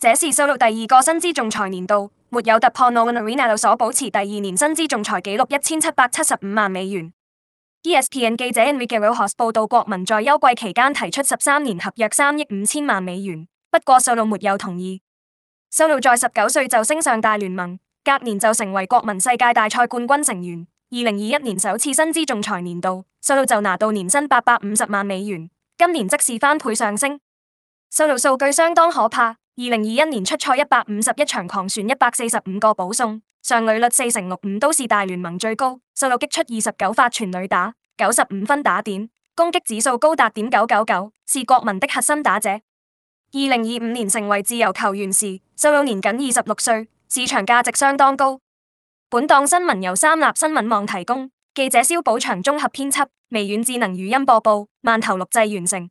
這是 Soto 第二個薪資仲裁年度，沒有突破 Logan、no、e 諾安瑞納魯所保持第二年薪資仲裁紀錄一千七百七十五萬美元。ESPN 記者 Enrique Rojas 報道，國民在休季期間提出十三年合約三億五千萬美元，不過 Soto 沒有同意。Soto 在十九歲就升上大聯盟，隔年就成為國民世界大賽冠軍成員。二零二一年首次薪資仲裁年度，Soto 就拿到年薪八百五十萬美元，今年則是翻倍上升。Soto 數據相當可怕。二零二一年出賽一百五十一場，狂選一百四十五個保送，上壘率四成六五，都是大聯盟最高。Soto 擊出二十九發全壘打，九十五分打點，攻擊指數高達點九九九，是國民的核心打者。二零二五年成為自由球員時，Soto 年僅二十六歲，市場價值相當高。本檔新聞由三立新聞網提供，記者蕭寶祥綜合編輯，微軟智能語音播報，萬頭錄製完成。